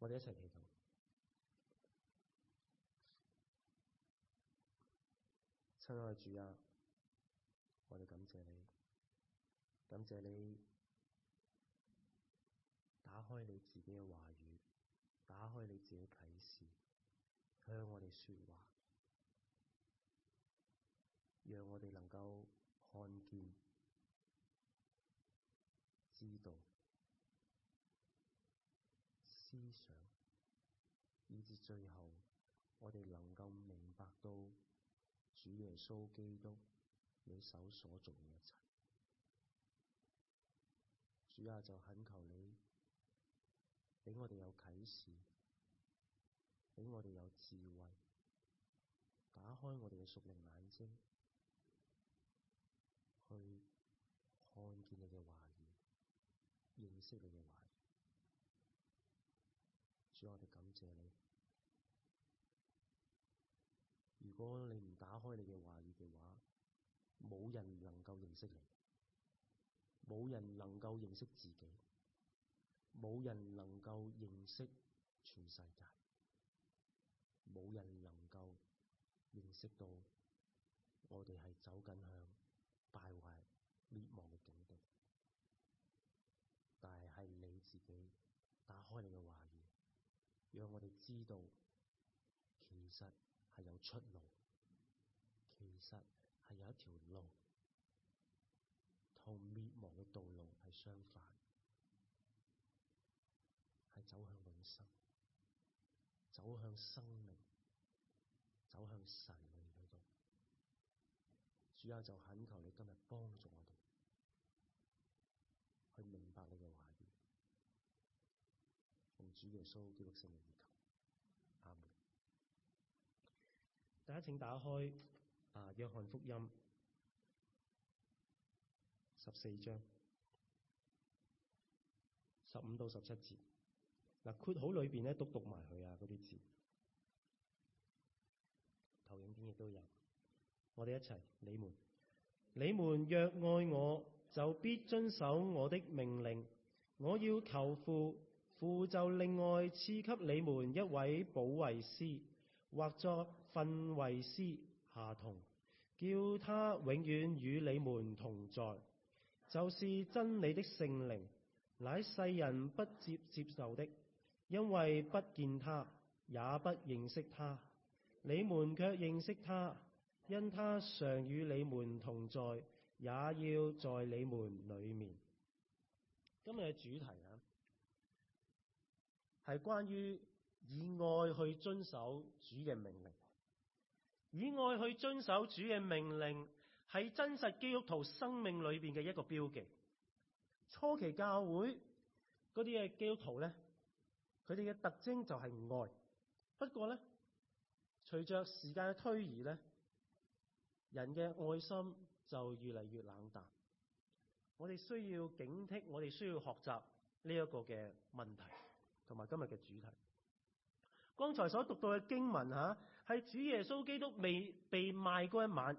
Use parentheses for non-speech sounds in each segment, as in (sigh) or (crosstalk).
我哋一齊祈禱，親愛嘅主啊，我哋感謝你，感謝你打開你自己嘅話語，打開你自己嘅啟示，向我哋說話，讓我哋能夠看見。最後，我哋能夠明白到主耶穌基督你手所做嘅一切，主啊，就懇求你俾我哋有啟示，俾我哋有智慧，打開我哋嘅屬靈眼睛，去看見你嘅話語，認識你嘅話語。主啊！如果你唔打開你嘅話語嘅話，冇人能夠認識你，冇人能夠認識自己，冇人能夠認識全世界，冇人能夠認識到我哋係走緊向敗壞滅亡嘅境地。但係係你自己打開你嘅話語，讓我哋知道，其實有出路，其實係有一條路，同滅亡嘅道路係相反，係走向永生，走向生命，走向神裏去。主要就懇求你今日幫助我哋，去明白你嘅話語，奉主耶穌基督聖名。大家請打開《啊約翰福音》十四章十五到十七節，啊。括號裡面都讀埋佢啊，嗰啲字。投影片亦都有。我哋一齊，你們，你們若愛我，就必遵守我的命令。我要求父，父就另外賜給你們一位保惠師。或作訓慰師，下同，叫他永遠與你們同在，就是真理的聖靈，乃世人不接接受的，因為不見他，也不認識他，你們卻認識他，因他常與你們同在，也要在你們裏面。今日嘅主題啊，係關於。以愛去遵守主嘅命令，以愛去遵守主嘅命令，係真實基督徒生命裏邊嘅一個標記。初期教會嗰啲嘅基督徒咧，佢哋嘅特徵就係愛。不過咧，隨着時間嘅推移咧，人嘅愛心就越嚟越冷淡。我哋需要警惕，我哋需要學習呢一個嘅問題，同埋今日嘅主題。剛才所讀到嘅經文吓，係、啊、主耶穌基督未被賣嗰一晚。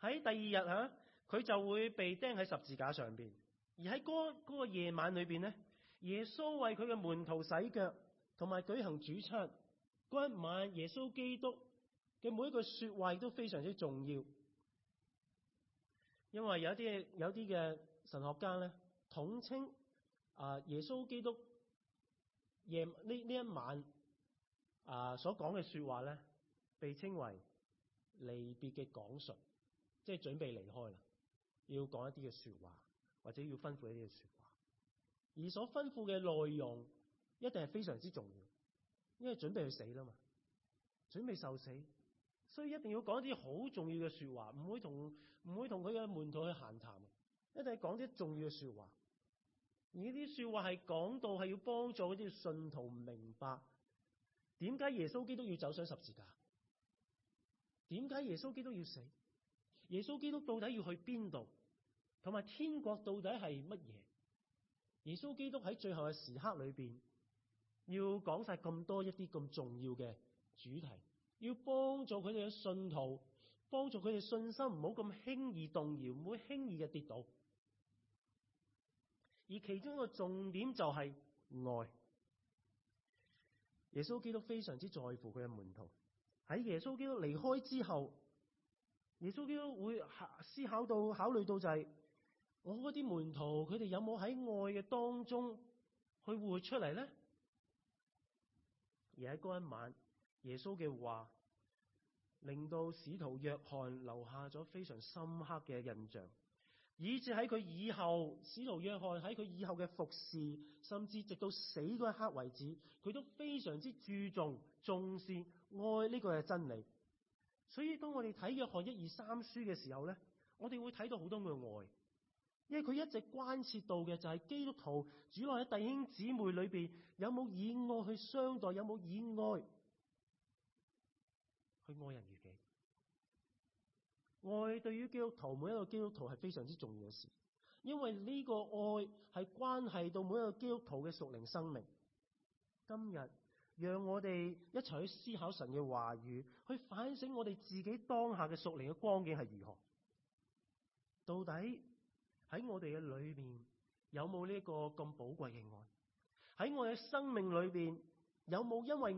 喺第二日吓，佢、啊、就會被釘喺十字架上邊。而喺嗰嗰個夜晚裏邊咧，耶穌為佢嘅門徒洗腳，同埋舉行主餐嗰一晚，耶穌基督嘅每一句說話都非常之重要。因為有啲有啲嘅神學家咧，統稱啊耶穌基督夜呢呢一晚。啊、呃、所講嘅説話咧，被稱為離別嘅講述，即係準備離開啦，要講一啲嘅説話，或者要吩咐一啲嘅説話，而所吩咐嘅內容一定係非常之重要，因為準備去死啦嘛，準備受死，所以一定要講一啲好重要嘅説話，唔會同唔會同佢嘅門徒去閒談，一定係講啲重要嘅説話，而呢啲説話係講到係要幫助嗰啲信徒明白。點解耶穌基督要走上十字架？點解耶穌基督要死？耶穌基督到底要去邊度？同埋天國到底係乜嘢？耶穌基督喺最後嘅時刻裏邊，要講晒咁多一啲咁重要嘅主題，要幫助佢哋嘅信徒，幫助佢哋信心唔好咁輕易動搖，唔好輕易嘅跌倒。而其中一個重點就係、是、愛。呃耶穌基督非常之在乎佢嘅門徒。喺耶穌基督離開之後，耶穌基督會思考到、考慮到就係我啲門徒，佢哋有冇喺愛嘅當中去活出嚟咧？而喺嗰一晚，耶穌嘅話令到使徒約翰留下咗非常深刻嘅印象。以至喺佢以後，使徒約翰喺佢以後嘅服侍，甚至直到死嗰一刻為止，佢都非常之注重、重視愛呢個係真理。所以當我哋睇約翰一二三書嘅時候咧，我哋會睇到好多嘅愛，因為佢一直關切到嘅就係、是、基督徒，主內啲弟兄姊妹裏邊有冇以愛去相待，有冇以愛去愛人。員。愛對於基督徒，每一個基督徒係非常之重要嘅事，因為呢個愛係關係到每一個基督徒嘅屬靈生命。今日讓我哋一齊去思考神嘅話語，去反省我哋自己當下嘅屬靈嘅光景係如何。到底喺我哋嘅裏面有冇呢個咁寶貴嘅愛？喺我嘅生命裏邊有冇因為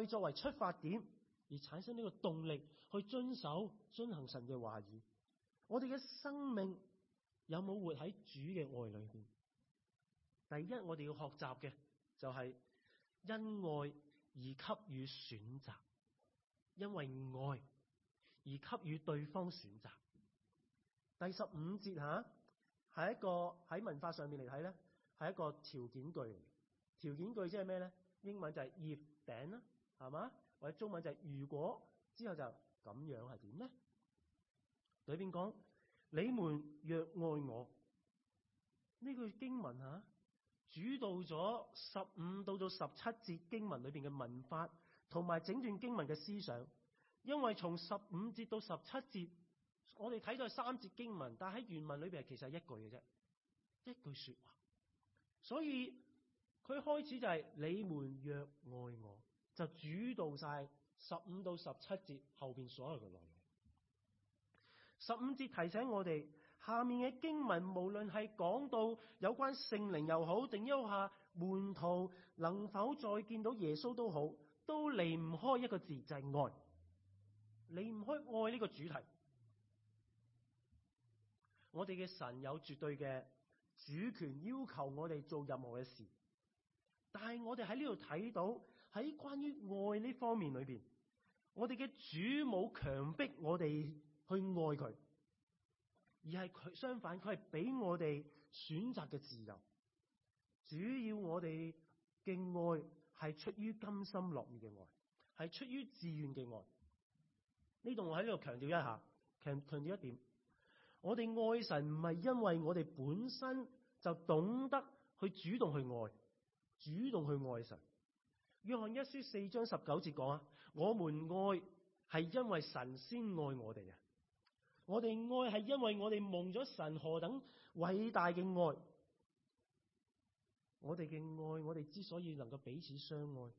愛作為出發點而產生呢個動力？去遵守、遵行神嘅話語，我哋嘅生命有冇活喺主嘅愛裏邊？第一，我哋要學習嘅就係、是、因愛而給予選擇，因為愛而給予對方選擇。第十五節吓係、啊，一個喺文化上面嚟睇咧，係一個條件句。條件句即係咩咧？英文就係 if then 啦，係嘛？或者中文就係如果之後就是。咁樣係點咧？裏邊講你們若愛我，呢句經文吓，啊，主導咗十五到到十七節經文裏邊嘅文法，同埋整段經文嘅思想。因為從十五節到十七節，我哋睇咗三節經文，但喺原文裏邊其實係一句嘅啫，一句說話。所以佢開始就係，是，你們若愛我，就主導晒。十五到十七節後邊所有嘅內容，十五節提醒我哋，下面嘅經文無論係講到有關聖靈又好，定係下門徒能否再見到耶穌都好，都離唔開一個字，就係愛，離唔開愛呢個主題。我哋嘅神有絕對嘅主權，要求我哋做任何嘅事，但係我哋喺呢度睇到。喺關於愛呢方面裏邊，我哋嘅主冇強迫我哋去愛佢，而係佢相反，佢係俾我哋選擇嘅自由。主要我哋嘅愛係出於甘心樂意嘅愛，係出於自願嘅愛。呢度我喺呢度強調一下，強，強調一點，我哋愛神唔係因為我哋本身就懂得去主動去愛，主動去愛神。約翰一書四章十九節講啊，我們愛係因為神先愛我哋啊。我哋愛係因為我哋蒙咗神何等偉大嘅愛，我哋嘅愛，我哋之所以能夠彼此相愛，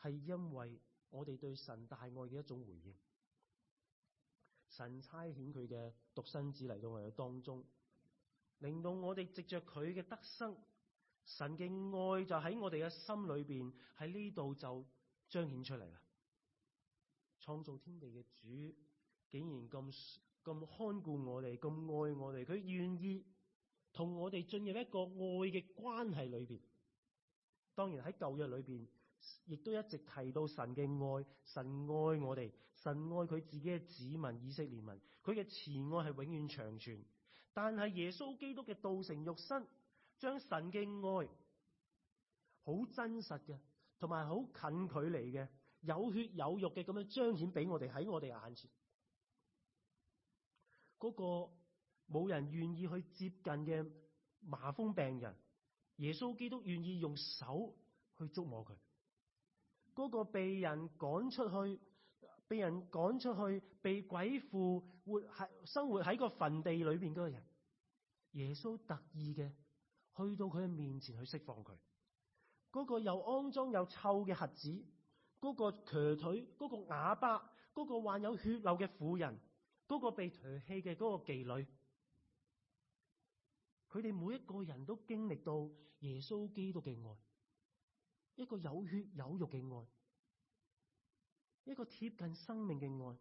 係因為我哋對神大愛嘅一種回應。神差遣佢嘅獨生子嚟到我哋當中，令到我哋藉着佢嘅得生。神嘅愛就喺我哋嘅心裏邊，喺呢度就彰顯出嚟啦。創造天地嘅主竟然咁咁看顧我哋，咁愛我哋，佢願意同我哋進入一個愛嘅關係裏邊。當然喺舊約裏邊，亦都一直提到神嘅愛，神愛我哋，神愛佢自己嘅子民以色列民，佢嘅慈愛係永遠長存。但係耶穌基督嘅道成肉身，將神嘅愛好真實嘅，同埋好近距離嘅，有血有肉嘅咁樣彰顯俾我哋喺我哋眼前，嗰個冇人願意去接近嘅麻風病人，耶穌基督願意用手去觸摸佢，嗰個被人趕出去、被人趕出去、被鬼附活喺生活喺個墳地裏邊嗰個人，耶穌特意嘅。去到佢嘅面前去釋放佢，嗰個又骯髒又臭嘅瞎子，嗰個瘸腿，嗰個啞巴，嗰個患有血漏嘅婦人，嗰個被唾棄嘅嗰個妓女，佢哋每一個人都經歷到耶穌基督嘅愛，一個有血有肉嘅愛，一個貼近生命嘅愛。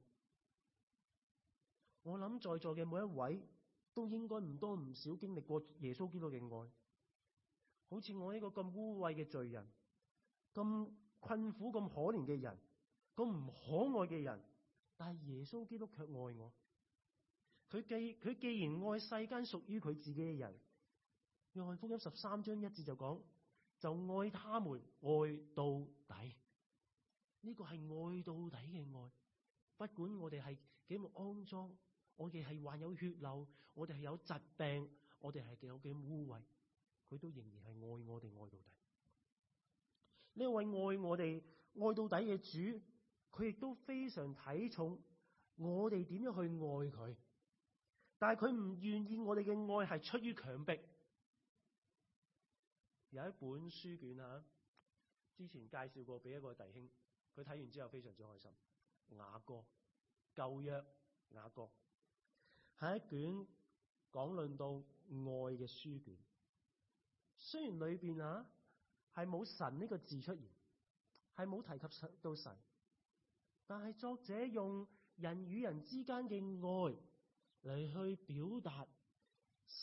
我諗在座嘅每一位都應該唔多唔少經歷過耶穌基督嘅愛。好似我呢個咁污穢嘅罪人，咁困苦、咁可憐嘅人，咁唔可愛嘅人，但係耶穌基督卻愛我。佢既，佢既然愛世間屬於佢自己嘅人，約翰福音十三章一節就講，就愛他們，愛到底。呢個係愛到底嘅愛，不管我哋係幾咁骯髒，我哋係患有血漏，我哋係有疾病，我哋係幾咁污穢。佢都仍然係愛我哋愛到底。呢位愛我哋愛到底嘅主，佢亦都非常睇重我哋點樣去愛佢。但係佢唔願意我哋嘅愛係出於強迫。有一本書卷啊，之前介紹過俾一個弟兄，佢睇完之後非常之開心。雅歌，舊約雅歌，係一卷講論到愛嘅書卷。雖然裏邊啊係冇神呢個字出現，係冇提及到神，但係作者用人與人之間嘅愛嚟去表達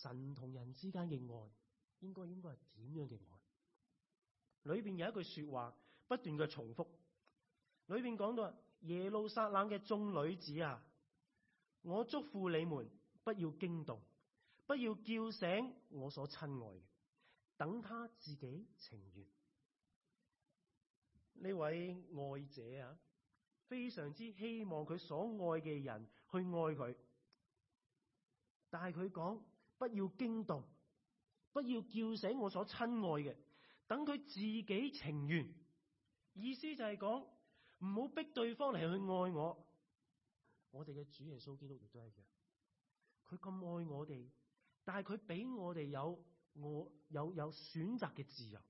神同人之間嘅愛，應該應該係點樣嘅愛？裏邊有一句說話不斷嘅重複，裏邊講到：耶路撒冷嘅眾女子啊，我祝福你們，不要驚動，不要叫醒我所親愛嘅。等他自己情願，呢位愛者啊，非常之希望佢所愛嘅人去愛佢，但係佢講，不要驚動，不要叫醒我所親愛嘅，等佢自己情願。意思就係講唔好逼對方嚟去愛我。我哋嘅主耶穌基督亦都係嘅。佢咁愛我哋，但係佢俾我哋有。我有有選擇嘅自由，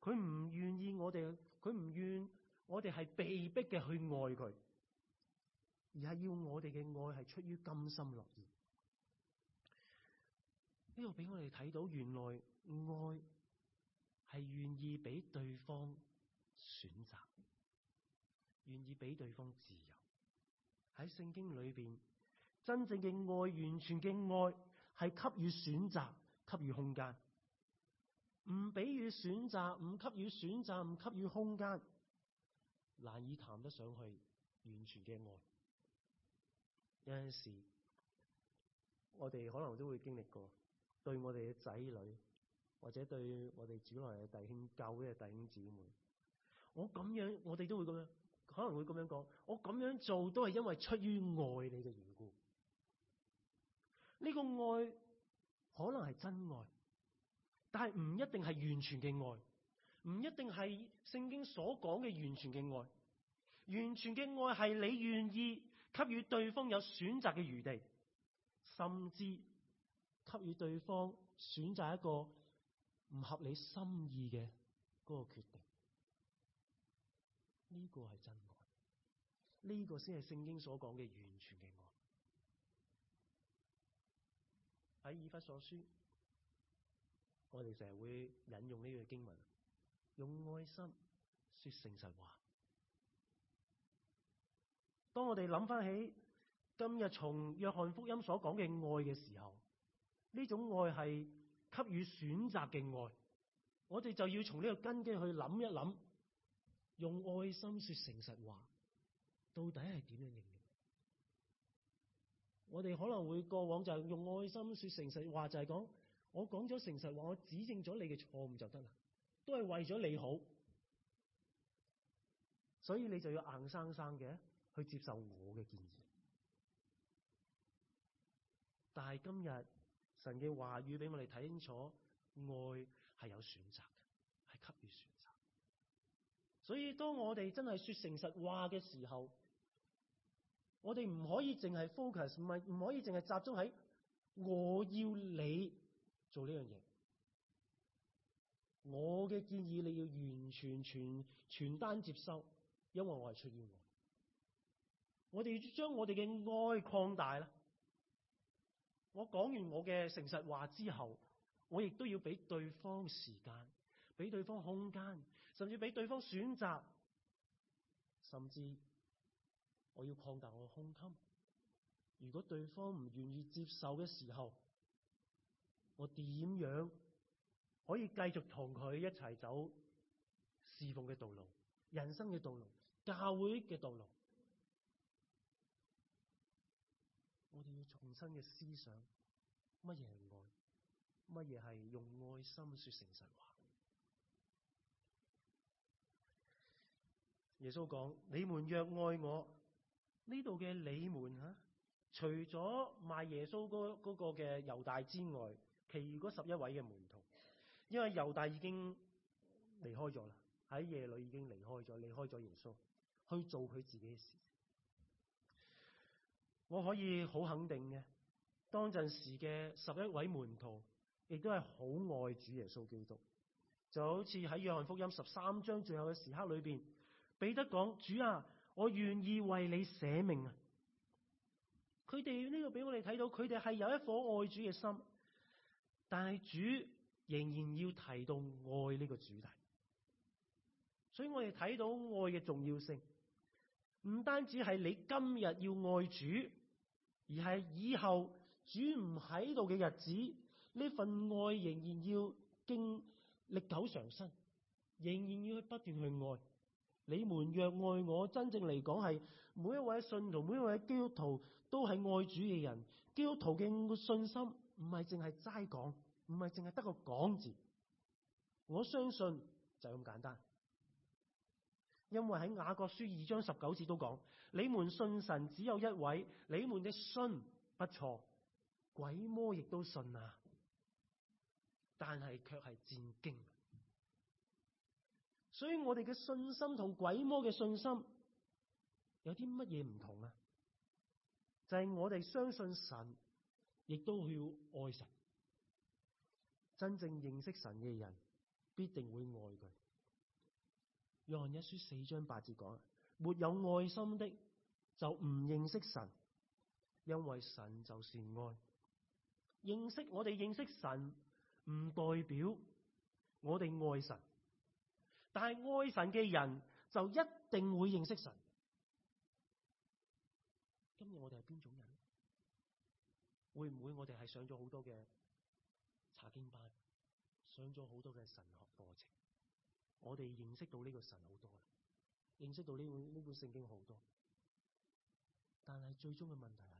佢唔願意我哋，佢唔願我哋係被逼嘅去愛佢，而係要我哋嘅愛係出於甘心樂意。呢度俾我哋睇到，原來愛係願意俾對方選擇，願意俾對方自由。喺聖經裏邊，真正嘅愛、完全嘅愛係給予選擇。給予空間，唔給予選擇，唔給予選擇，唔給予空間，難以談得上去完全嘅愛。有陣時，我哋可能都會經歷過，對我哋嘅仔女，或者對我哋主內嘅弟兄、教會嘅弟兄姊妹，我咁樣，我哋都會咁樣，可能會咁樣講，我咁樣做都係因為出於愛你嘅緣故，呢個愛。可能係真愛，但係唔一定係完全嘅愛，唔一定係聖經所講嘅完全嘅愛。完全嘅愛係你願意給予對方有選擇嘅餘地，甚至給予對方選擇一個唔合你心意嘅個決定。呢個係真愛，呢、這個先係聖經所講嘅完全嘅愛。以法所書，我哋成日會引用呢句經文，用愛心說誠實話。當我哋諗翻起今日從約翰福音所講嘅愛嘅時候，呢種愛係給予選擇嘅愛，我哋就要從呢個根基去諗一諗，用愛心說誠實話，到底係點樣形容？我哋可能會過往就係用愛心說誠實話就，就係講我講咗誠實話，我指正咗你嘅錯誤就得啦，都係為咗你好，所以你就要硬生生嘅去接受我嘅建議。但係今日神嘅話語俾我哋睇清楚，愛係有選擇嘅，係給予選擇。所以當我哋真係說誠實話嘅時候，我哋唔可以淨係 focus，唔係唔可以淨係集中喺我要你做呢樣嘢。我嘅建議你要完全全全單接收，因為我係出於愛。我哋要將我哋嘅愛擴大啦。我講完我嘅誠實話之後，我亦都要俾對方時間，俾對方空間，甚至俾對方選擇，甚至。我要擴大我嘅胸襟。如果對方唔願意接受嘅時候，我點樣可以繼續同佢一齊走侍奉嘅道路、人生嘅道路、教會嘅道路？我哋要重新嘅思想，乜嘢係愛？乜嘢係用愛心說誠實話？耶穌講：你們若愛我。呢度嘅你們吓，除咗賣耶穌嗰嗰個嘅猶大之外，其餘嗰十一位嘅門徒，因為猶大已經離開咗啦，喺夜裏已經離開咗，離開咗耶穌去做佢自己嘅事。我可以好肯定嘅，當陣時嘅十一位門徒，亦都係好愛主耶穌基督，就好似喺約翰福音十三章最後嘅時刻裏邊，彼得講：主啊！我願意為你捨命啊！佢哋呢個俾我哋睇到，佢哋係有一顆愛主嘅心，但係主仍然要提到愛呢個主題，所以我哋睇到愛嘅重要性，唔單止係你今日要愛主，而係以後主唔喺度嘅日子，呢份愛仍然要經歷久常新，仍然要去不斷去愛。你們若愛我，真正嚟講係每一位信徒、每一位基督徒都係愛主嘅人。基督徒嘅信心唔係淨係齋講，唔係淨係得個講字。我相信就咁簡單，因為喺雅各書二章十九節都講：你們信神只有一位，你們嘅信不錯，鬼魔亦都信啊，但係卻係戰驚。所以我哋嘅信心同鬼魔嘅信心有啲乜嘢唔同啊？就係、是、我哋相信神，亦都要愛神。真正認識神嘅人必定會愛佢。約翰一書四章八節講：沒有愛心的就唔認識神，因為神就是愛。認識，我哋認識神，唔代表我哋愛神。但係愛神嘅人就一定會認識神。今日我哋係邊種人？會唔會我哋係上咗好多嘅查經班，上咗好多嘅神學課程？我哋認識到呢個神好多，認識到呢本呢本聖經好多。但係最終嘅問題係，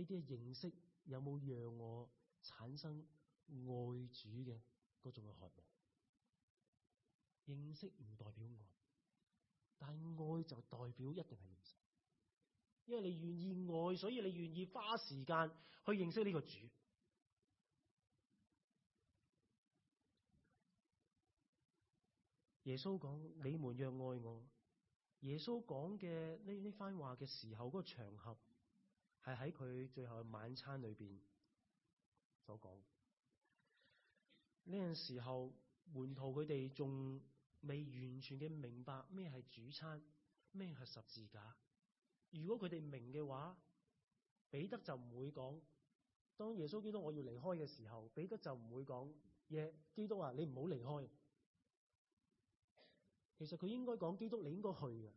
呢啲嘅認識有冇讓我產生愛主嘅嗰種嘅渴望？認識唔代表愛，但係愛就代表一定係認識，因為你願意愛，所以你願意花時間去認識呢個主。耶穌講：你們若愛我，耶穌講嘅呢呢番話嘅時候，嗰個場合係喺佢最後嘅晚餐裏邊所講。呢陣時候門徒佢哋仲。未完全嘅明白咩係主餐，咩係十字架。如果佢哋明嘅話，彼得就唔會講。當耶穌基督我要離開嘅時候，彼得就唔會講耶基督啊，你唔好離開。其實佢應該講基督，你應該去嘅。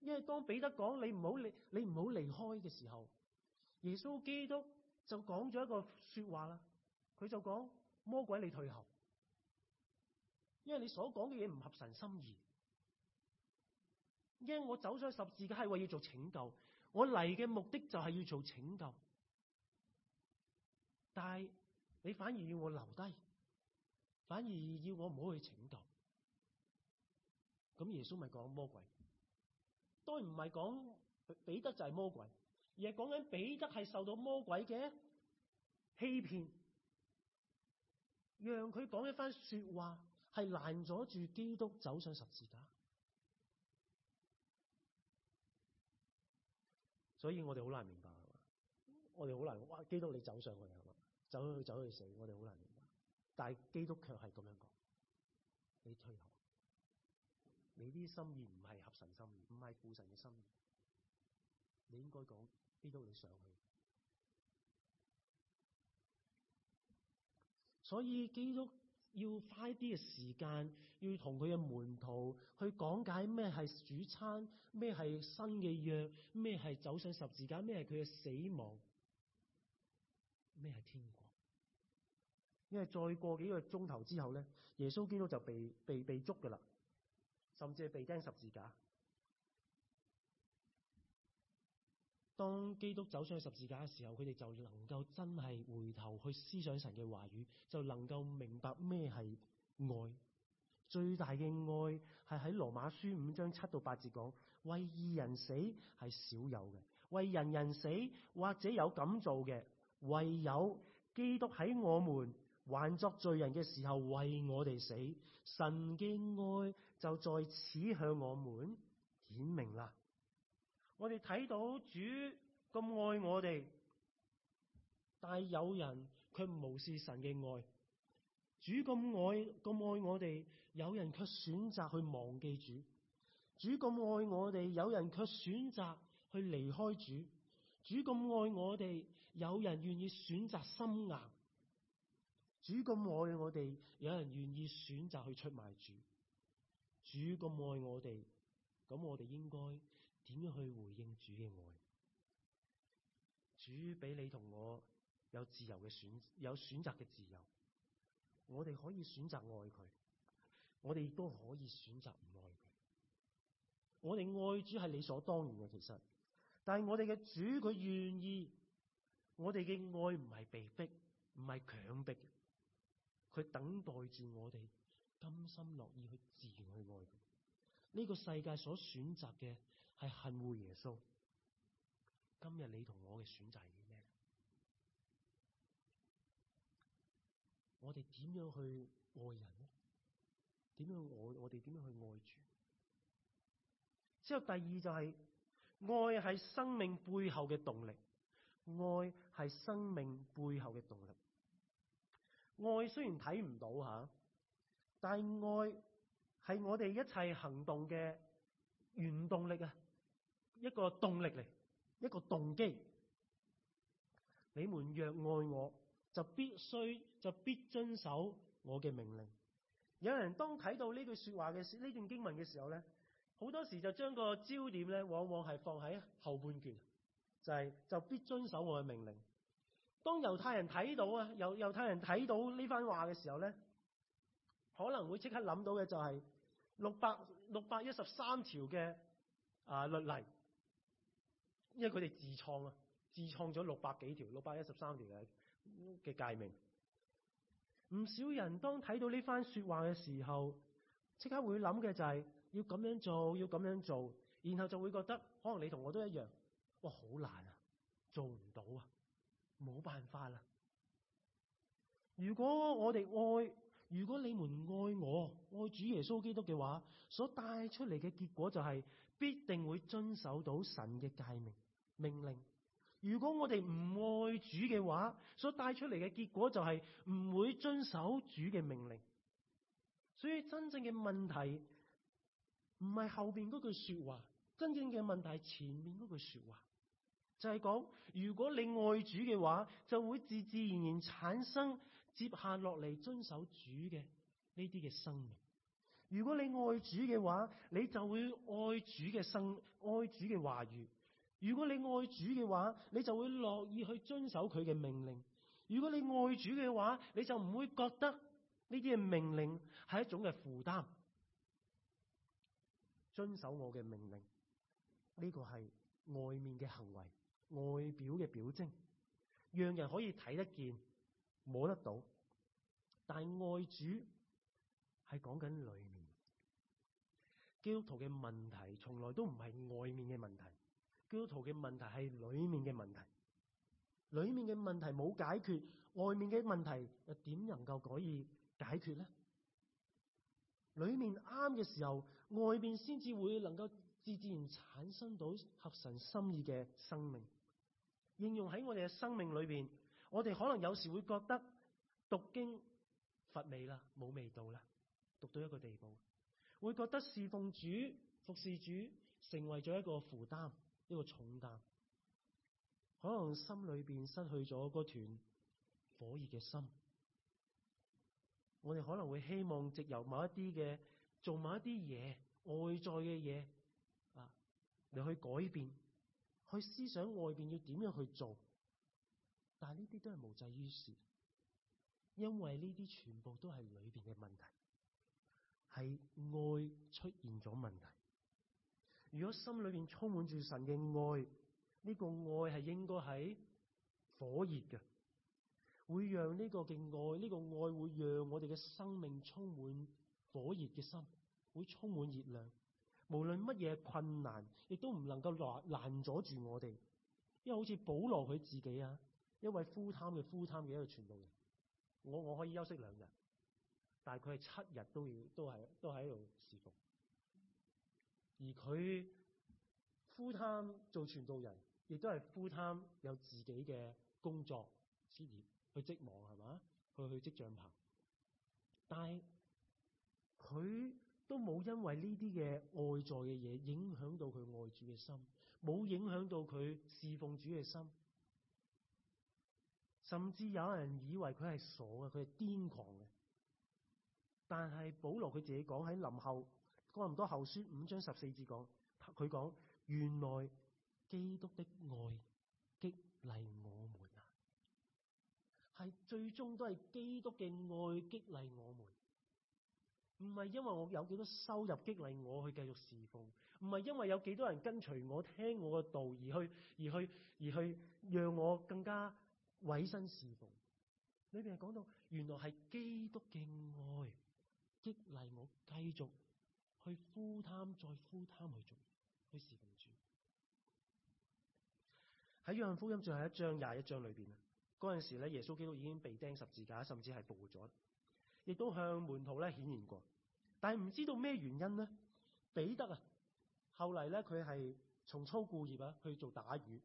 因為當彼得講你唔好離你唔好離開嘅時候，耶穌基督就講咗一個說話啦。佢就講魔鬼你退後。因為你所講嘅嘢唔合神心意，因為我走上十字架係為要做拯救，我嚟嘅目的就係要做拯救，但係你反而要我留低，反而要我唔好去拯救，咁耶穌咪講魔鬼？當然唔係講彼得就係魔鬼，而係講緊彼得係受到魔鬼嘅欺騙，讓佢講一番說話。係難阻住基督走上十字架，所以我哋好難明白。我哋好難，哇！基督你走上去係嘛？走去走去死，我哋好難明白。但係基督卻係咁樣講：你退後，你啲心意唔係合神心意，唔係父神嘅心意。你應該講：基督你上去。所以基督。要快啲嘅時間，要同佢嘅門徒去講解咩係主餐，咩係新嘅約，咩係走上十字架，咩係佢嘅死亡，咩係天國。因為再過幾個鐘頭之後咧，耶穌基督就被被被，被捉噶啦，甚至係被釘十字架。當基督走上十字架嘅時候，佢哋就能夠真係回頭去思想神嘅話語，就能夠明白咩係愛。最大嘅愛係喺羅馬書五章七到八節講：為義人死係少有嘅，為人人死或者有咁做嘅，唯有基督喺我們還作罪人嘅時候為我哋死，神嘅愛就在此向我們顯明啦。我哋睇到主咁愛我哋，但係有人卻無視神嘅愛。主咁愛咁愛我哋，有人卻選擇去忘記主。主咁愛我哋，有人卻選擇去離開主。主咁愛我哋，有人願意選擇心硬。主咁愛我哋，有人願意選擇去出賣主。主咁愛我哋，咁我哋應該。點樣去回應主嘅愛？主俾你同我有自由嘅選，有選擇嘅自由。我哋可以選擇愛佢，我哋亦都可以選擇唔愛佢。我哋愛主係理所當然嘅，其實。但係我哋嘅主佢願意，我哋嘅愛唔係被逼，唔係強迫。佢等待住我哋甘心樂意去自然去愛佢。呢個世界所選擇嘅。係恨污耶穌。今日你同我嘅選擇係咩？我哋點樣去愛人咧？點樣愛？我哋點樣去愛主？之後第二就係、是、愛係生命背後嘅動力，愛係生命背後嘅動力。愛雖然睇唔到吓，但係愛係我哋一切行動嘅原動力啊！一個動力嚟，一個動機。你們若愛我，就必須就必遵守我嘅命令。有人當睇到呢句說話嘅呢段經文嘅時候咧，好多時就將個焦點咧，往往係放喺後半段，就係、是、就必遵守我嘅命令。當猶太人睇到啊，猶猶太人睇到呢番話嘅時候咧，可能會即刻諗到嘅就係六百六百一十三條嘅啊律例。因為佢哋自創啊，自創咗六百幾條、六百一十三條嘅嘅誡命。唔少人當睇到呢番說話嘅時候，即刻會諗嘅就係、是、要咁樣做，要咁樣做，然後就會覺得可能你同我都一樣，哇，好難啊，做唔到啊，冇辦法啦。如果我哋愛，如果你們愛我、愛主耶穌基督嘅話，所帶出嚟嘅結果就係、是、必定會遵守到神嘅誡命命令。如果我哋唔愛主嘅話，所帶出嚟嘅結果就係唔會遵守主嘅命令。所以真正嘅問題唔係後邊嗰句說話，真正嘅問題係前面嗰句說話，就係講如果你愛主嘅話，就會自自然然產生接下落嚟遵守主嘅呢啲嘅生命。如果你愛主嘅話，你就會愛主嘅生，愛主嘅話語。如果你愛主嘅話，你就會樂意去遵守佢嘅命令；如果你愛主嘅話，你就唔會覺得呢啲嘅命令係一種嘅負擔。遵守我嘅命令，呢個係外面嘅行為、外表嘅表徵，讓人可以睇得見、摸得到。但係愛主係講緊裏面。基督徒嘅問題從來都唔係外面嘅問題。基督徒嘅問題係裏面嘅問題，裏面嘅問題冇解決，外面嘅問題又點能夠可以解決呢？裏面啱嘅時候，外面先至會能夠自自然產生到合神心意嘅生命。應用喺我哋嘅生命裏邊，我哋可能有時會覺得讀經乏味啦，冇味道啦，讀到一個地步，會覺得侍奉主、服侍主成為咗一個負擔。一個重擔，可能心裏邊失去咗嗰團火熱嘅心，我哋可能會希望藉由某一啲嘅做某一啲嘢外在嘅嘢啊，你去改變，去思想外邊要點樣去做，但係呢啲都係無濟於事，因為呢啲全部都係裏邊嘅問題，係愛出現咗問題。如果心裏面充滿住神嘅愛，呢個愛係應該係火熱嘅，會讓呢個嘅愛，呢個愛會讓我哋嘅生命充滿火熱嘅心，會充滿熱量。無論乜嘢困難，亦都唔能夠攔攔阻住我哋。因為好似保羅佢自己啊，一位 full time 嘅 full time 嘅一個傳道人，我我可以休息兩日，但係佢係七日都要都係都喺度侍奉。而佢 fulltime 做傳道人，亦都係 fulltime 有自己嘅工作，先至去積忙，係嘛？去去織帳篷。但係佢都冇因為呢啲嘅外在嘅嘢影響到佢愛主嘅心，冇影響到佢侍奉主嘅心。甚至有人以為佢係傻嘅，佢係癲狂嘅。但係保羅佢自己講喺林後。差唔多後書五章十四節講，佢講，原來基督的愛激勵我們啊，係最終都係基督嘅愛激勵我們，唔係因為我有幾多收入激勵我去繼續侍奉，唔係因為有幾多人跟隨我聽我嘅道而去而去而去，而去而去讓我更加委身侍奉。裏邊係講到原來係基督嘅愛激勵我繼續。去呼貪再呼貪去做，去侍奉主。喺約翰福音最後一章廿一章裏邊啊，嗰陣時咧耶穌基督已經被釘十字架，甚至係復活咗，亦都向門徒咧顯現過。但係唔知道咩原因咧，彼得啊，後嚟咧佢係重操故業啊去做打魚。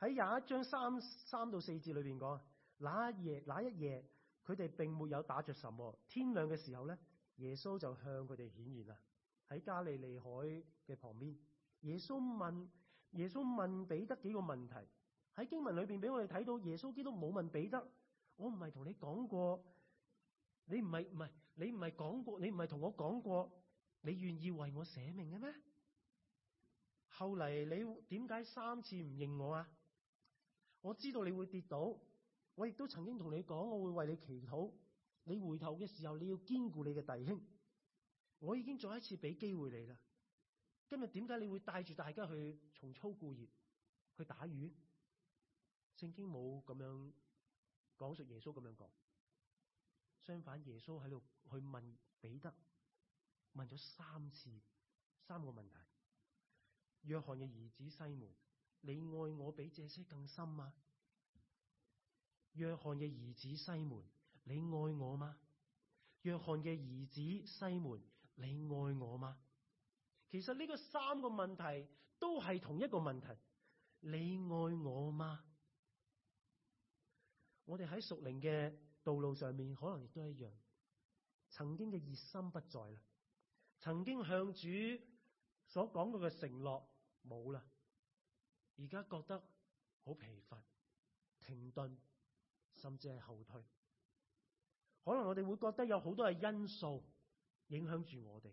喺廿一章三三到四節裏邊講，那一夜那一夜佢哋並沒有打着什麼，天亮嘅時候咧，耶穌就向佢哋顯現啦。喺加利利海嘅旁邊，耶穌問耶穌問彼得幾個問題，喺經文裏邊俾我哋睇到耶穌基督冇問彼得，我唔係同你講過，你唔係唔係你唔係講過，你唔係同我講過，你願意為我捨命嘅咩？後嚟你點解三次唔認我啊？我知道你會跌倒，我亦都曾經同你講我會為你祈禱，你回頭嘅時候你要堅固你嘅弟兄。我已經再一次俾機會你啦。今日點解你會帶住大家去重操故業去打魚？聖經冇咁樣講述耶穌咁樣講，相反耶穌喺度去問彼得，問咗三次三個問題。約翰嘅兒子西門，你愛我比這些更深嗎？約翰嘅兒子西門，你愛我嗎？約翰嘅兒子西門。你愛我嗎？其實呢個三個問題都係同一個問題。你愛我嗎？我哋喺屬靈嘅道路上面，可能亦都一樣。曾經嘅熱心不在啦，曾經向主所講過嘅承諾冇啦，而家覺得好疲乏，停頓，甚至係後退。可能我哋會覺得有好多嘅因素。影響住我哋，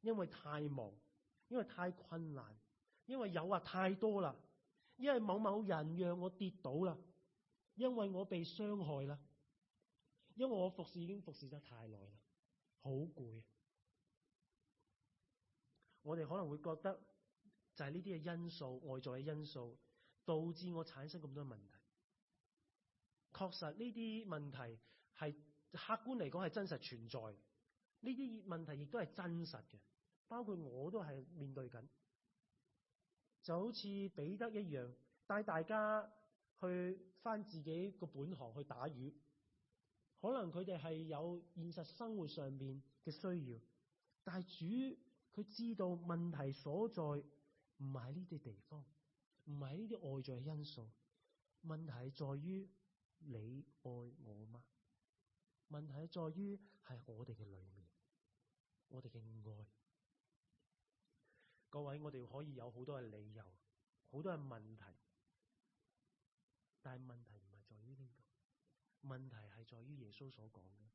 因為太忙，因為太困難，因為誘惑太多啦，因為某某人讓我跌倒啦，因為我被傷害啦，因為我服侍已經服侍得太耐啦，好攰。我哋可能會覺得就係呢啲嘅因素，外在嘅因素，導致我產生咁多問題。確實，呢啲問題係客觀嚟講係真實存在。呢啲問題亦都係真實嘅，包括我都係面對緊，就好似彼得一樣，帶大家去返自己個本行去打魚。可能佢哋係有現實生活上面嘅需要，但係主佢知道問題所在唔係呢啲地方，唔係呢啲外在嘅因素，問題在於你愛我嗎？問題在於係我哋嘅裏面。我哋嘅愛，各位，我哋可以有好多嘅理由，好多嘅問題，但係問題唔係在於呢個，問題係在於耶穌所講嘅：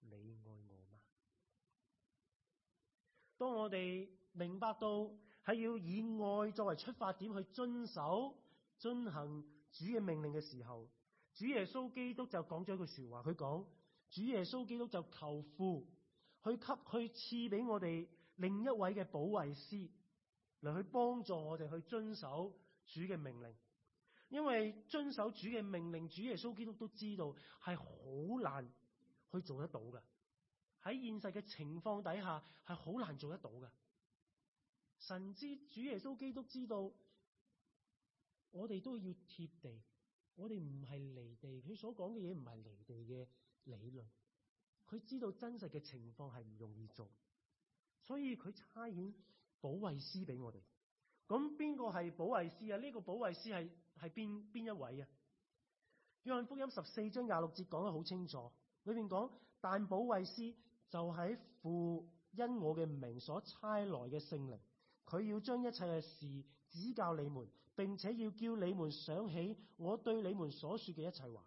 你愛我嗎？當我哋明白到係要以愛作為出發點去遵守、遵行主嘅命令嘅時候，主耶穌基督就講咗一句說話，佢講：主耶穌基督就求父。佢給佢賜俾我哋另一位嘅保惠師嚟去幫助我哋去遵守主嘅命令，因為遵守主嘅命令，主耶穌基督都知道係好難去做得到嘅，喺現實嘅情況底下係好難做得到嘅。甚至主耶穌基督知道，我哋都要貼地，我哋唔係離地，佢所講嘅嘢唔係離地嘅理論。佢知道真實嘅情況係唔容易做，所以佢差遣保惠師俾我哋。咁邊個係保惠師啊？呢、這個保惠師係係邊邊一位啊？約翰福音十四章廿六節講得好清楚，裏面講，但保惠師就喺父因我嘅名所差來嘅聖靈，佢要將一切嘅事指教你們，並且要叫你們想起我對你們所說嘅一切話。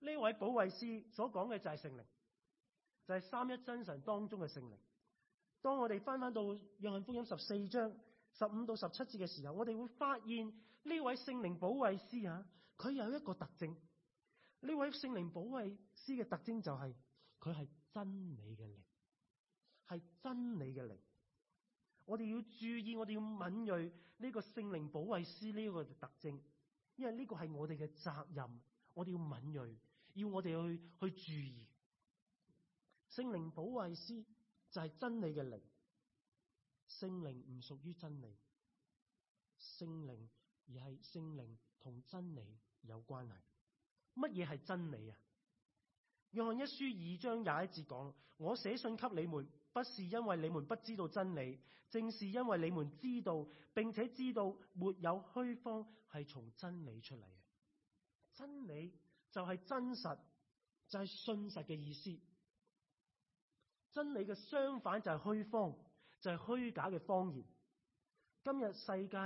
呢位保惠師所講嘅就係聖靈。就係三一真神當中嘅聖靈。當我哋翻翻到約翰福音十四章十五到十七節嘅時候，我哋會發現呢位聖靈保惠師啊，佢有一個特徵。呢位聖靈保惠師嘅特徵就係佢係真理嘅靈，係真理嘅靈。我哋要注意，我哋要敏銳呢個聖靈保惠師呢個特徵，因為呢個係我哋嘅責任。我哋要敏銳，要我哋去去注意。聖靈保衛師就係、是、真理嘅靈，聖靈唔屬於真理，聖靈而係聖靈同真理有關係。乜嘢係真理啊？約翰一書二章廿一節講：我寫信給你們，不是因為你們不知道真理，正是因為你們知道，並且知道沒有虛謊係從真理出嚟嘅。真理就係真實，就係、是、信實嘅意思。真理嘅相反就係虛方，就係虛假嘅謊言。今日世界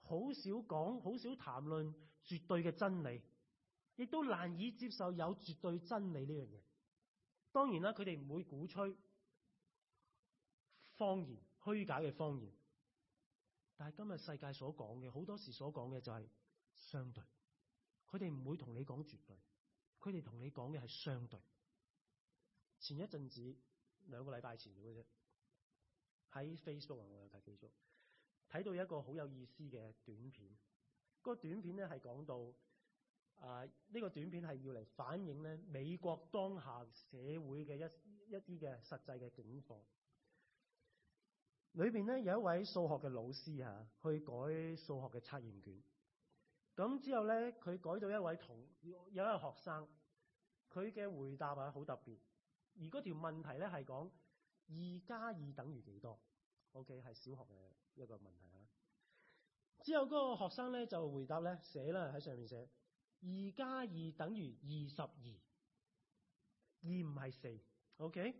好少講，好少談論絕對嘅真理，亦都難以接受有絕對真理呢樣嘢。當然啦，佢哋唔會鼓吹謊言、虛假嘅謊言。但係今日世界所講嘅，好多時所講嘅就係相對。佢哋唔會同你講絕對，佢哋同你講嘅係相對。前一陣子，兩個禮拜前嘅啫，喺 Facebook 啊，我有睇 Facebook，睇到一個好有意思嘅短片。嗰短片咧係講到啊，呢個短片係要嚟反映咧美國當下社會嘅一一啲嘅實際嘅境況。裏邊咧有一位數學嘅老師嚇、啊，去改數學嘅測驗卷。咁之後咧，佢改到一位同有一個學生，佢嘅回答啊好特別。而嗰條問題咧係講，二加二等於幾多？OK，係小學嘅一個問題啊。之後嗰個學生咧就回答咧，寫啦，喺上面寫二加二等於二十二，而唔係四。OK，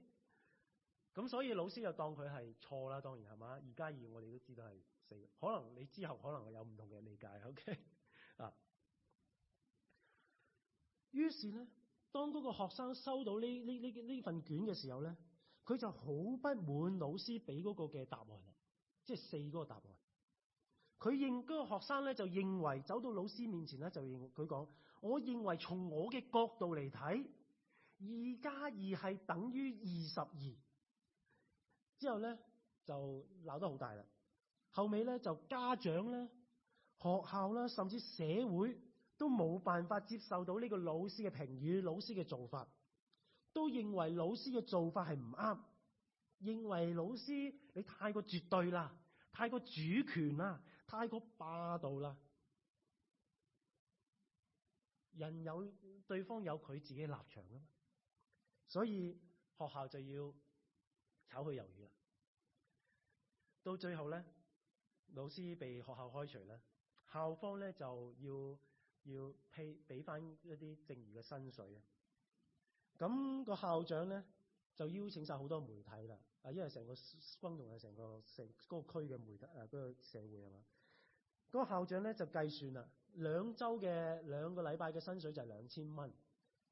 咁所以老師就當佢係錯啦，當然係嘛？二加二我哋都知道係四，可能你之後可能有唔同嘅理解。OK 啊， (laughs) 於是咧。當嗰個學生收到呢呢呢呢份卷嘅時候咧，佢就好不滿老師俾嗰個嘅答案，即係四嗰個答案。佢認嗰、嗰個學生咧就認為走到老師面前咧就認佢講，我認為從我嘅角度嚟睇，二加二係等於二十二。之後咧就鬧得好大啦。後尾咧就家長咧、學校啦，甚至社會。都冇辦法接受到呢個老師嘅評語，老師嘅做法，都認為老師嘅做法係唔啱，認為老師你太過絕對啦，太過主權啦，太過霸道啦。人有對方有佢自己立場噶，所以學校就要炒佢魷魚啦。到最後呢，老師被學校開除啦，校方呢就要，要批俾翻一啲正義嘅薪水啊！咁個校長咧就邀請晒好多媒體啦，啊，因為成個轟動啊，成個成嗰個區嘅媒體啊，嗰個社會啊嘛。嗰個校長咧就計算啦，兩週嘅兩個禮拜嘅薪水就係兩千蚊，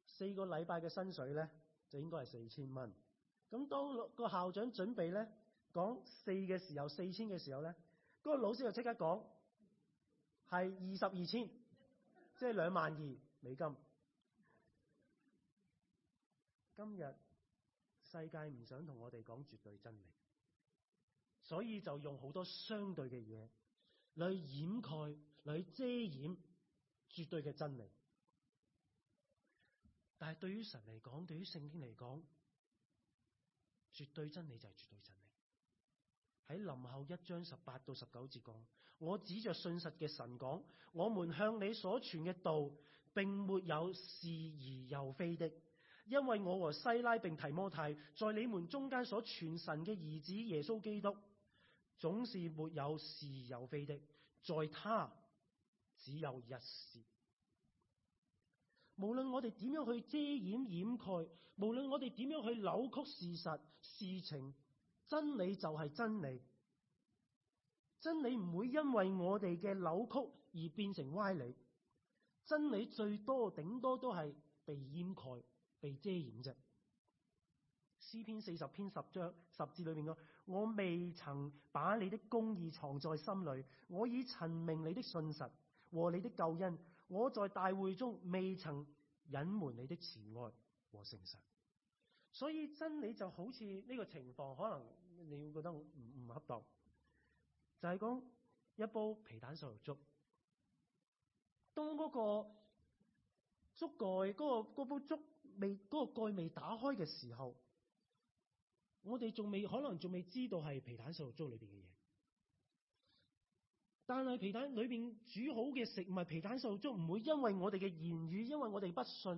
四個禮拜嘅薪水咧就應該係四千蚊。咁當個校長準備咧講四嘅時候，四千嘅時候咧，嗰個老師就即刻講係二十二千。即係兩萬二美金。今日世界唔想同我哋講絕對真理，所以就用好多相對嘅嘢嚟掩蓋、嚟遮掩絕對嘅真理。但係對於神嚟講，對於聖經嚟講，絕對真理就係絕對真理。喺林後一章十八到十九節講，我指着信實嘅神講，我們向你所傳嘅道，並沒有是而又非的，因為我和西拉並提摩太在你們中間所傳神嘅兒子耶穌基督，總是沒有是而又非的，在他只有一是。無論我哋點樣去遮掩掩蓋，無論我哋點樣去扭曲事實事情。真理就係真理，真理唔會因為我哋嘅扭曲而變成歪理，真理最多頂多都係被掩蓋、被遮掩啫。詩篇四十篇十章十字裏面講：我未曾把你的公義藏在心裏，我已陳明你的信實和你的救恩。我在大會中未曾隱瞞你的慈愛和誠實。所以真理就好似呢個情況，可能你會覺得唔恰當，就係、是、講一煲皮蛋瘦肉粥，當嗰個粥蓋嗰、嗰個嗰煲粥未嗰、嗰個蓋未打開嘅時候，我哋仲未可能仲未知道係皮蛋瘦肉粥裏邊嘅嘢，但係皮蛋裏邊煮好嘅食物，唔係皮蛋瘦肉粥唔會因為我哋嘅言語，因為我哋不信，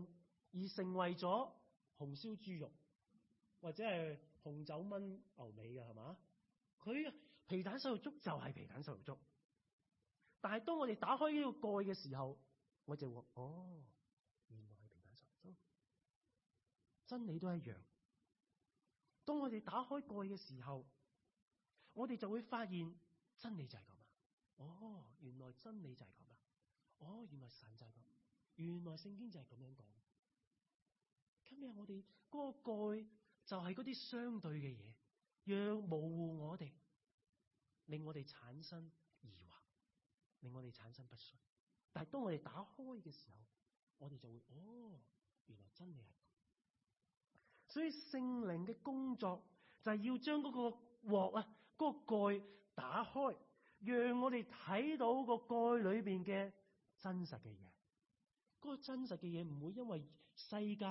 而成為咗紅燒豬肉。或者係紅酒炆牛尾㗎係嘛？佢皮蛋瘦肉粥就係皮蛋瘦肉粥，但係當我哋打開呢個蓋嘅時候，我就話哦，原來係皮蛋瘦肉粥。真理都一樣，當我哋打開蓋嘅時候，我哋就會發現真理就係咁啊！哦，原來真理就係咁啊！哦，原來神就係咁，原來聖經就係咁樣講。今日我哋嗰個蓋。就係嗰啲相對嘅嘢，讓模糊我哋，令我哋產生疑惑，令我哋產生不信。但係當我哋打開嘅時候，我哋就會哦，原來真嘅係咁。所以聖靈嘅工作就係、是、要將嗰個鑊啊，嗰、那個蓋打開，讓我哋睇到個蓋裏邊嘅真實嘅嘢。嗰、那個真實嘅嘢唔會因為世界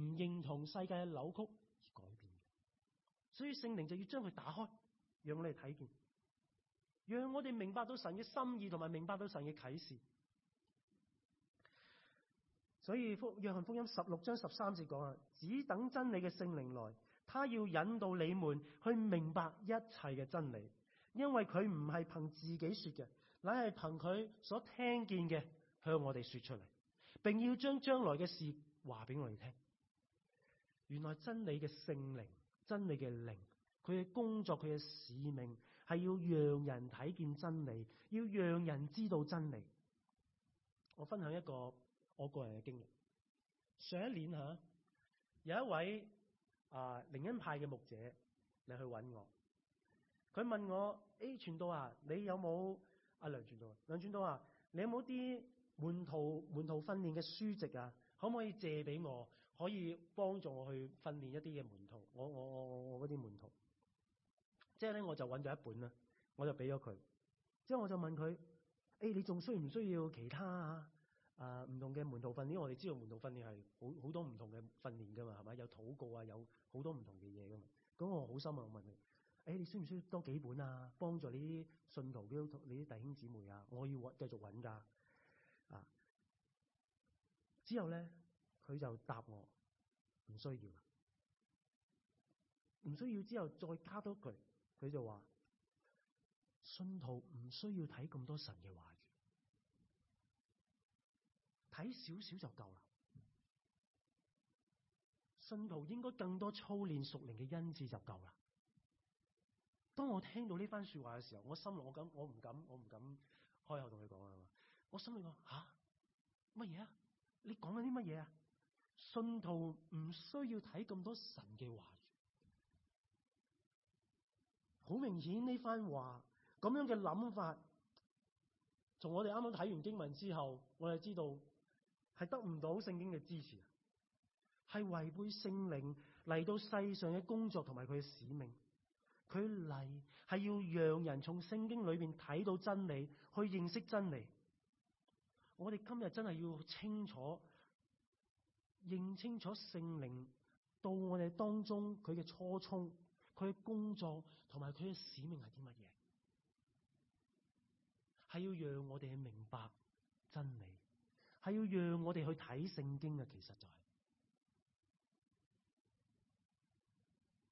唔認同，世界嘅扭曲。所以聖靈就要將佢打開，讓我哋睇見，讓我哋明白到神嘅心意同埋明白到神嘅啟示。所以《福約翰福音》十六章十三節講啊，只等真理嘅聖靈來，他要引導你們去明白一切嘅真理，因為佢唔係憑自己說嘅，乃係憑佢所聽見嘅向我哋說出嚟，並要將將來嘅事話俾我哋聽。原來真理嘅聖靈。真理嘅靈，佢嘅工作，佢嘅使命係要讓人睇見真理，要讓人知道真理。我分享一個我個人嘅經歷。上一年吓，啊，有一位啊靈恩派嘅牧者，你去搵我，佢問我，誒、欸，傳道啊，你有冇阿梁傳道？梁傳道啊，梁傳道啊，你有冇啲門徒門徒訓練嘅書籍啊？可唔可以借俾我？可以幫助我去訓練一啲嘅門。我我我我我嗰啲門徒，即係咧，我就揾咗一本啦，我就俾咗佢。之後我就問佢：誒、欸，你仲需唔需要其他啊？誒、啊，唔同嘅門徒訓練，因為我哋知道門徒訓練係好好多唔同嘅訓練噶嘛，係咪？有禱告啊，有好多唔同嘅嘢噶嘛。咁我好心啊，我問佢：誒、欸，你需唔需要多幾本啊？幫助呢啲信徒，你啲弟兄姊妹啊？我要搵，繼續搵噶、啊。啊！之後咧，佢就答我：唔需要。唔需要，之後再加多句。佢就話：信徒唔需要睇咁多神嘅話語，睇少少就夠啦。信徒應該更多操練熟練嘅恩賜就夠啦。當我聽到呢番說話嘅時候，我心裡我唔敢我唔敢我唔敢開口同佢講啊！我心裏話吓乜嘢啊？你講緊啲乜嘢啊？信徒唔需要睇咁多神嘅話語。好明顯呢番話，咁樣嘅諗法，從我哋啱啱睇完經文之後，我哋就知道係得唔到聖經嘅支持，係違背聖靈嚟到世上嘅工作同埋佢嘅使命。佢嚟係要讓人從聖經裏邊睇到真理，去認識真理。我哋今日真係要清楚，認清楚聖靈到我哋當中佢嘅初衷。佢嘅工作同埋佢嘅使命係啲乜嘢？係要讓我哋明白真理，係要讓我哋去睇聖經嘅。其實就係、是，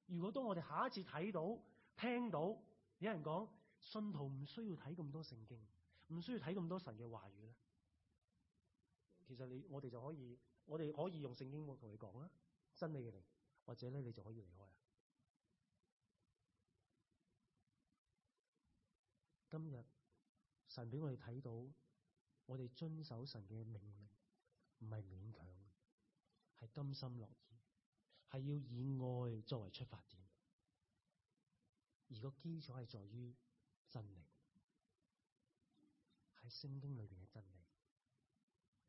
如果當我哋下一次睇到、聽到有人講信徒唔需要睇咁多聖經，唔需要睇咁多神嘅話語咧，其實你我哋就可以，我哋可以用聖經我同你講啦，真理嘅靈，或者咧你就可以離開啊。今日神俾我哋睇到，我哋遵守神嘅命令，唔係勉強，係甘心樂意，係要以愛作為出發點，而個基礎係在於真理，係聖經裏邊嘅真理，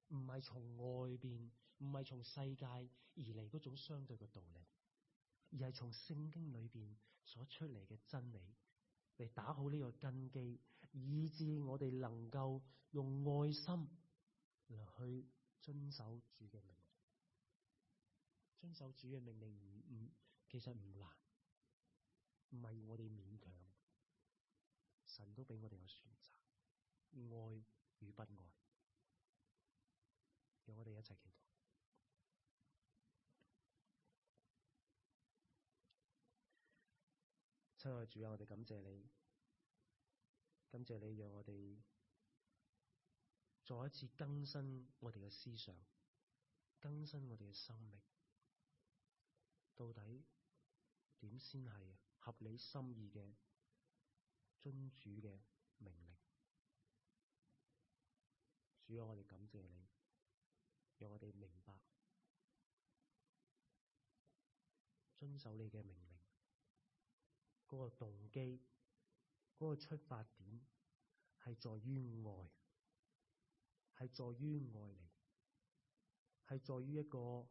唔係從外邊，唔係從世界而嚟嗰種相對嘅道理，而係從聖經裏邊所出嚟嘅真理。嚟打好呢個根基，以致我哋能夠用愛心嚟去遵守主嘅命令。遵守主嘅命令唔唔，其實唔難，唔係我哋勉強，神都俾我哋有選擇，愛與不愛，讓我哋一齊祈禱。主啊，我哋感謝你，感謝你讓我哋再一次更新我哋嘅思想，更新我哋嘅生命。到底點先係合理心意嘅遵主嘅命令？主啊，我哋感謝你，讓我哋明白遵守你嘅命令。嗰個動機，嗰個出發點係在於愛，係在於愛你，係在於一個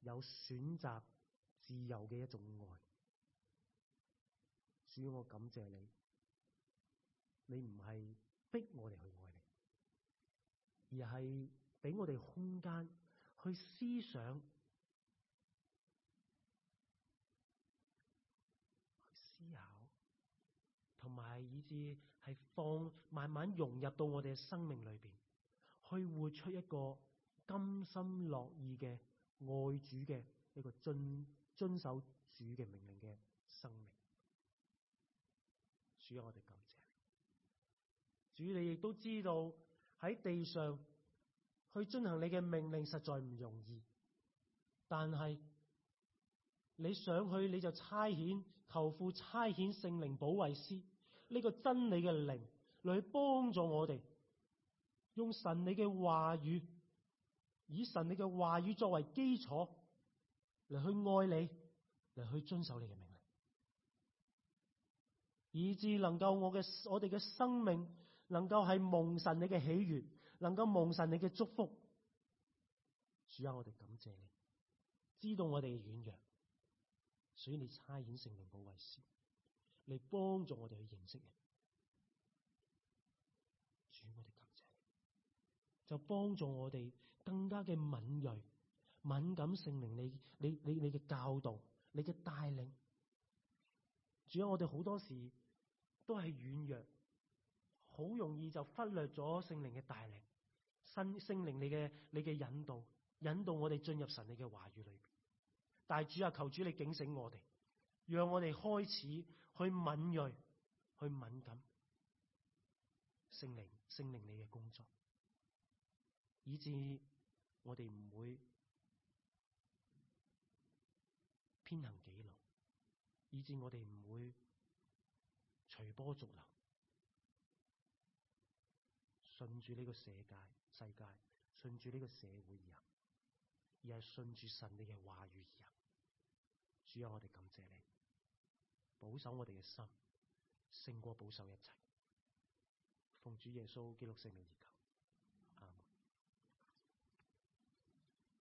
有選擇自由嘅一種愛。主，要我感謝你，你唔係逼我哋去愛你，而係俾我哋空間去思想。係放慢慢融入到我哋嘅生命裏邊，去活出一個甘心樂意嘅愛主嘅一個遵遵守主嘅命令嘅生命。主要我哋感謝你。主，你亦都知道喺地上去遵行你嘅命令實在唔容易，但係你上去你就差遣求父差遣聖靈保衛師。呢個真理嘅靈嚟去幫助我哋，用神你嘅話語，以神你嘅話語作為基礎嚟去愛你，嚟去遵守你嘅命令，以致能夠我嘅我哋嘅生命能夠係蒙神你嘅喜悅，能夠蒙神你嘅祝福。主啊，我哋感謝你，知道我哋嘅軟弱，所以你差遣聖靈保惠師，嚟幫助我哋去認識你，主，我哋感謝你，就幫助我哋更加嘅敏銳、敏感。聖靈你、你、你、你嘅教導、你嘅帶領，主要我哋好多時都係軟弱，好容易就忽略咗聖靈嘅帶領、聖聖靈你嘅你嘅引導、引導我哋進入神你嘅話語裏面。但係主啊，求主你警醒我哋，讓我哋開始。去敏銳，去敏感，聖靈，聖靈你嘅工作，以致我哋唔會偏行己路，以致我哋唔會隨波逐流，順住呢個世界、世界，順住呢個社會而行，而係順住神你嘅話語而行。主啊，我哋感謝你。保守我哋嘅心，勝過保守一切。奉主耶穌基督聖名而求。